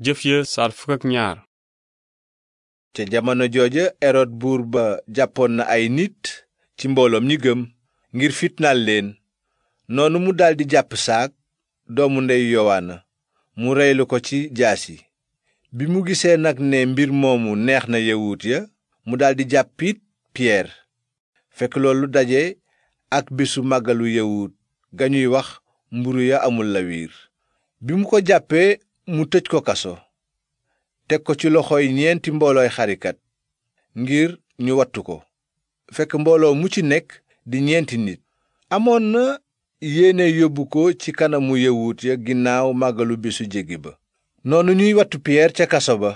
jëf ya saar ca jamono jooja erod buur ba jàppoon na ay nit ci mbooloom ñi gëm ngir fitnaal leen noonu mu daldi jàpp saak doomu ndeyu yowaana mu reylu ko ci jaasi bi mu gisee nag ne mbir moomu neex na yawut ya mu daldi jàppit piyeer fekk loolu daje ak bésu màggalu yawut ga ñuy wax mburu ya amul lawiir bi mu ko jàppee mu tëj ko kaso teg ko ci loxoy ñeenti mboolooy xarikat ngir ñu wattu ko fekk mbooloo mu ci nekk di ñeenti nit amoon na yéene yóbbu ko ci kanamu yawut ya ginnaaw màggalu bésu jéggi ba noonu ñuy wattu piyeer ca kaso ba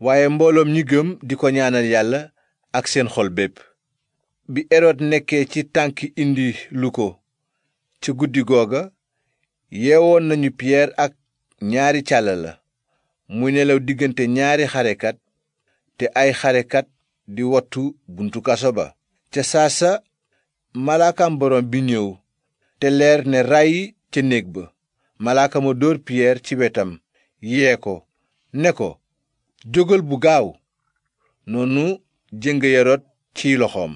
waaye mbooloom ñi gëm di ko ñaanal yàlla ak seen xol bépp bi erod nekkee ci tànki indi lu ko ci guddi googa yeewoon nañu piyeer ak ñaari càlla la muy nelaw diggante ñaari xarekat te ay xarekat di wattu buntu kaso ba ca saasa malaakam borom bi ñëw te leer ne ràyyi ca néeg ba malaaka ma dóor piyeer ci wetam yee ko ne ko jógal bu gaaw noonu jëng yarot ciy loxoom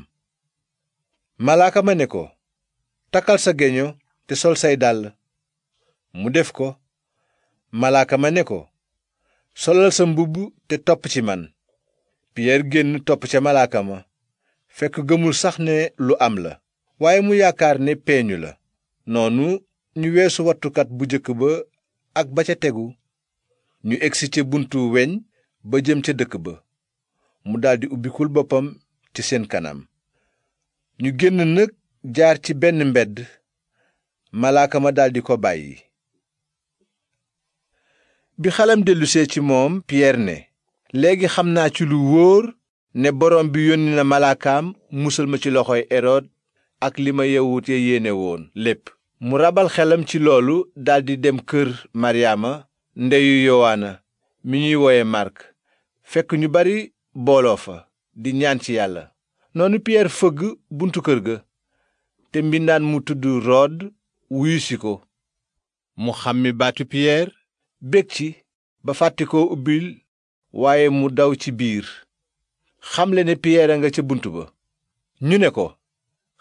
malaaka ma ne ko takkal sa geño te sol say dàll mu def ko malaaka ma ne ko solal sa mbubb te topp ci man piyeer génn topp ca malaaka ma fekk gëmul sax ne lu am la waaye mu yaakaar ne peeñu la noonu ñu weesu wattukat bu jëkk ba ak ba ca tegu ñu egsi ca buntu weñ ba jëm ca dëkk ba mu daldi ubbikul boppam ci seen kanam ñu génn nag jaar ci benn mbedd malaaka ma daldi ko bàyyi bi xelam dellusee ci moom piyeer ne léegi xam naa ci lu wóor ne borom bi yónni na malaakaam musal ma ci loxoy erod ak li ma yawut ya yéene woon lépp mu rabal xelam ci loolu daldi dem kër maryaama ndeyu yowaana mi ñuy wooye màrk fekk ñu bari booloo fa di ñaan ci yàlla noonu piyeer fëgg buntu kër ga te mbindaan mu tudd rood wuyusi ko mu xàmmi baatu piyeer bég ci ba fàtte koo ubbil waaye mu daw ci biir xamle ne piyeer a nga ca bunt ba ñu ne ko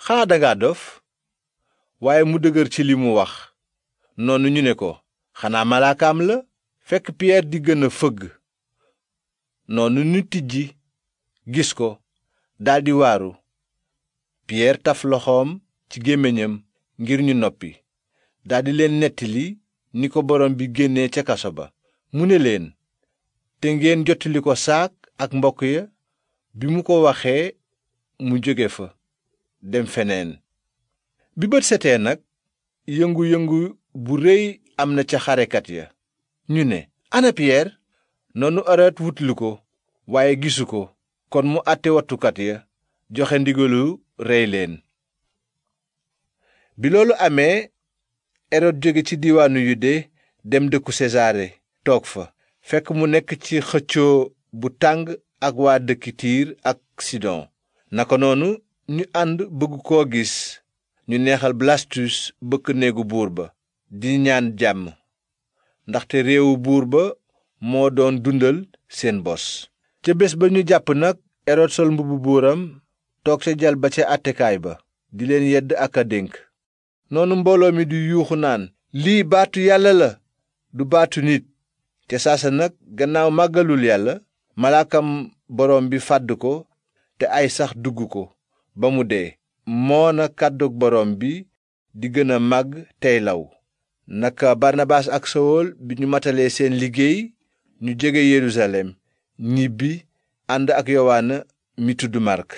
xanaa dangaa dof waaye mu dëgër ci li mu wax noonu ñu ne ko xanaa malaakaam la fekk piyeer di gën fëgg noonu ñu tijji gis ko daldi waaru piyeer taf loxoom ci gémmiñam ngir ñu noppi daldi leen nettali ni ko borom bi génnee ca kaso ba mu ne leen te ngeen jottali ko saak ak mbokk ya bi mu ko waxee mu jóge fa dem feneen bi bët setee nag yëngu-yëngu bu réy am na ca xarekat ya ñu ne ana piyeer noonu araat wutlu ko waaye gisu ko kon mu àtte wattukat ya joxe ndigalu rey leen bi loolu amee erod jóge ci diiwaanu yude dem dëkku sesaare toog fa fekk mu nekk ci xëccoo bu tàng ak waa dëkki tiir ak sidon naka noonu ñu ànd bëgg koo gis ñu neexal blastus bëkk néegu buur ba di ñaan jàmm ndaxte réewu buur ba moo doon dundal seen bos ca bés ba ñu jàpp nag erod sol mbubbu buuram toog ca jal ba ca àttekaay ba di leen yedd ak a dénk noonu mbooloo mi du yuuxu naan lii baatu yàlla la du baatu nit te saasa nag gannaaw màggalul yàlla malaakam boroom bi fàdd ko te ay sax dugg ko ba mu dee moona kàddug borom bi di gën a màgg tey law naka barnabaas ak sowol bi ñu matalee seen liggéey ñu jege yerusalem ñibbi ànd ak yowaana mi tudd màrk